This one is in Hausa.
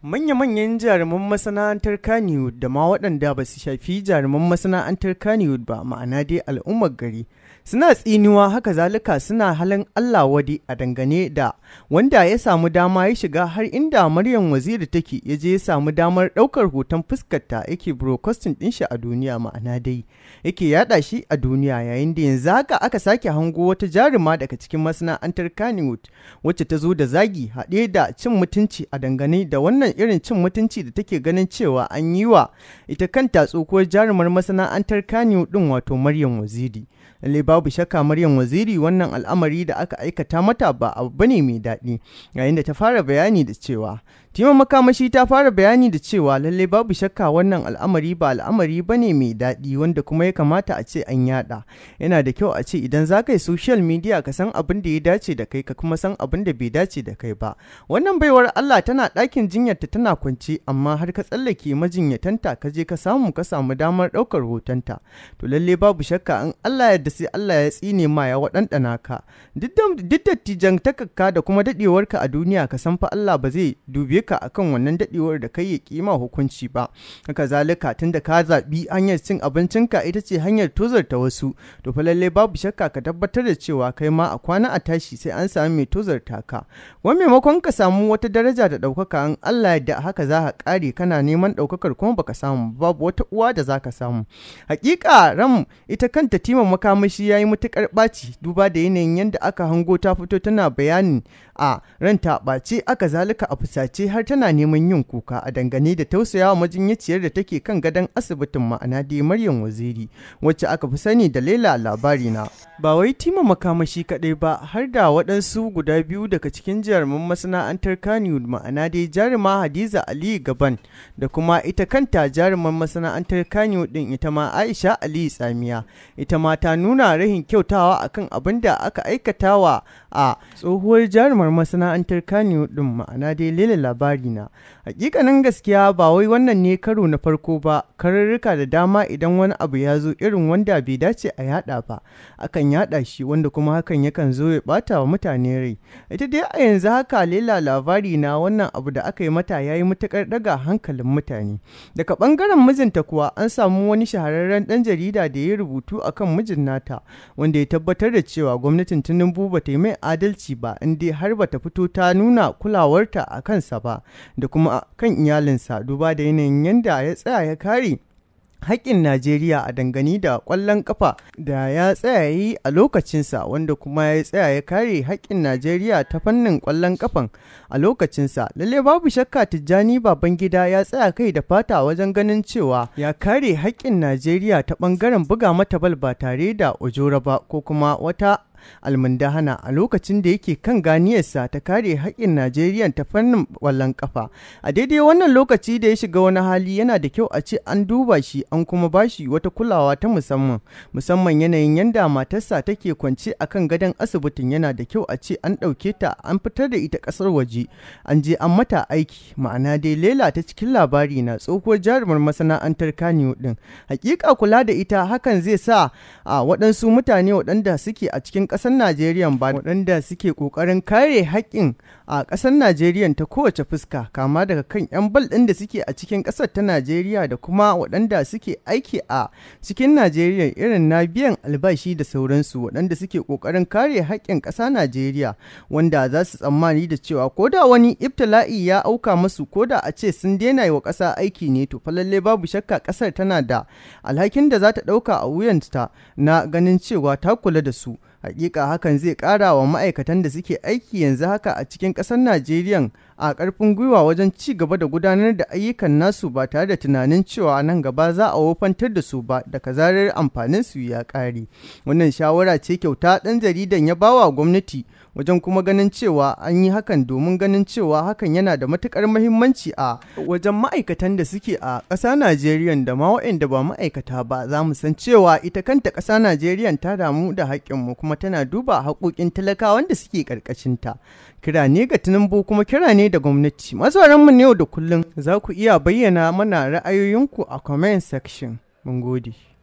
Manya-manyan jaruman masana'antar Kannywood da ma waɗanda ba su shafi jaruman masana'antar Kannywood ba ma'ana dai al'ummar gari suna tsiniwa haka zalika suna halin Allah wadi a dangane da wanda ya samu dama ya shiga har inda Maryam Waziri take ya je ya samu damar ɗaukar hoton fuskarta yake broadcasting ɗin shi a duniya ma'ana dai yake yada shi a duniya yayin da yanzu haka aka sake hango wata jaruma daga cikin masana'antar Kannywood wacce ta zo da zagi haɗe da cin mutunci a dangane da wannan irin cin mutunci da take ganin cewa an yi wa ita kanta tsokuwar jarumar masana'antar Kannywood ɗin wato Maryam Waziri. Leba babu shakka Maryam Waziri wannan al'amari da aka aikata mata ba abu bane mai daɗi yayin da ta fara bayani da cewa Tima makamashi ta fara bayani da cewa lalle babu shakka wannan al'amari ba al'amari ba ne mai daɗi wanda kuma ya kamata a ce an yada. Yana da kyau a ce idan za ka yi social media ka san abin da ya dace da kai ka kuma san abin da bai dace da kai ba. Wannan baiwar Allah tana ɗakin jinyarta tana kwance amma har ka tsallake majinyatanta ka je ka samu ka samu damar ɗaukar hotonta. To lalle babu shakka in Allah yadda sai Allah ya tsine ma ya waɗanɗana ka. Duk dattijan takakka da kuma daɗewarka a duniya ka san fa Allah ba zai dubi ka akan wannan dadewar da kai ya kima hukunci ba haka zalika tunda ka zaɓi hanyar cin abincin ka ita ce hanyar tozarta wasu to fa lallai babu shakka ka tabbatar da cewa kai ma a kwana a tashi sai an sami mai tozarta ka wa maimakon ka samu wata daraja da ɗaukaka an Allah da haka za ka kare kana neman ɗaukakar kuma baka samu babu wata uwa da za ka samu hakika ram ita kanta timan makamashi ya yi matuƙar ɓaci duba da yanayin yadda aka hango ta fito tana bayanin a ranta ɓace aka zalika a fusace har tana neman yin kuka a dangane da tausayawa majinyaciyar da take kan gadon asibitin ma'ana dai Maryam Waziri wacce aka fi sani da Laila labari na. Ba wai tima makamashi kadai ba har da wadansu guda biyu daga cikin jaruman masana'antar kanyu ma'ana dai jaruma Hadiza Ali Gaban da kuma ita kanta jaruman masana'antar kanyu din ita ma Aisha Ali Tsamiya ita ma ta nuna rahin kyautawa akan abin da aka aikata wa a tsohuwar jarumar masana'antar kanyu din ma'ana dai Laila পারি না Hakikanin gaskiya ba wai wannan ne karo na farko ba, kararruka da dama idan wani abu ya zo irin wanda bai dace a yada ba, akan yada shi wanda kuma hakan yakan zo ya bata wa mutane rai. Ita dai a yanzu haka lela labari na wannan abu da aka yi mata ya yi matukar daga hankalin mutane. Daga bangaren mijinta kuwa an samu wani shahararren dan jarida da ya rubutu akan mijin nata, wanda ya tabbatar da cewa gwamnatin Tinubu ba ta yi mai adalci ba, in dai har ba ta fito ta nuna kulawarta a kansa ba, da kuma kan iyalinsa duba da yanayin yadda ya tsaya ya kare haƙƙin Najeriya a dangane da ƙwallon ƙafa da ya tsaya yi a lokacinsa wanda kuma ya tsaya ya kare haƙƙin Najeriya ta fannin ƙwallon ƙafan a lokacinsa. Lalle babu shakka Tijjani Babangida ya tsaya kai da fata wajen ganin cewa ya kare haƙƙin Najeriya ta ɓangaren buga mata bal ba tare da ojora ba ko kuma wata almundahana a lokacin da yake kan ganiyarsa ta kare haƙƙin najeriya ta fannin ƙwallon kafa a daidai wannan lokaci da ya shiga wani hali yana da kyau a ce an duba shi an kuma bashi wata kulawa ta musamman musamman yanayin yanda matarsa take kwance a kan gadon asibitin yana da kyau a ce an ɗauke ta an fitar da ita ƙasar waje an je an mata aiki ma'ana dai lela ta cikin labari na tsohuwar jarumar masana'antar kaniyo ɗin hakika kula da ita hakan zai sa a waɗansu mutane waɗanda suke a cikin kasar Najeriya ba waɗanda suke ƙoƙarin kare haƙƙin a ƙasar Najeriya ta kowace fuska kama daga kan 'yan bal ɗin da suke a cikin ƙasar ta Najeriya da kuma waɗanda suke aiki a cikin Najeriya irin na biyan albashi da sauransu waɗanda suke ƙoƙarin kare haƙƙin ƙasa Najeriya wanda za su tsammani da cewa ko da wani ibtila'i ya auka masu ko da a ce sun daina yi wa ƙasa aiki ne to falalle babu shakka ƙasar tana da alhakin da za ta ɗauka a wuyanta na ganin cewa ta kula da su hakika hakan zai ƙara wa ma'aikatan da suke aiki yanzu haka a cikin ƙasar najeriya a ƙarfin gwiwa wajen ci gaba da gudanar da ayyukan nasu ba tare da tunanin cewa nan gaba za a wofantar da su ba da kazarar amfanin su ya ƙare wannan shawara ce kyauta ɗan jaridan ya bawa gwamnati wajen kuma ganin cewa an yi hakan domin ganin cewa hakan yana da matukar mahimmanci a wajen ma'aikatan da suke a ƙasa Najeriya da ma waɗanda ba ma'aikata ba za mu san cewa ita kanta ƙasa Najeriya ta damu da haƙƙinmu kuma tana duba haƙoƙin talakawan da suke ƙarƙashinta. Kira ne ga Tinubu kuma kira ne da gwamnati. Masoran mu ne yau da kullum za ku iya bayyana mana ra'ayoyinku a comment section. Mun gode.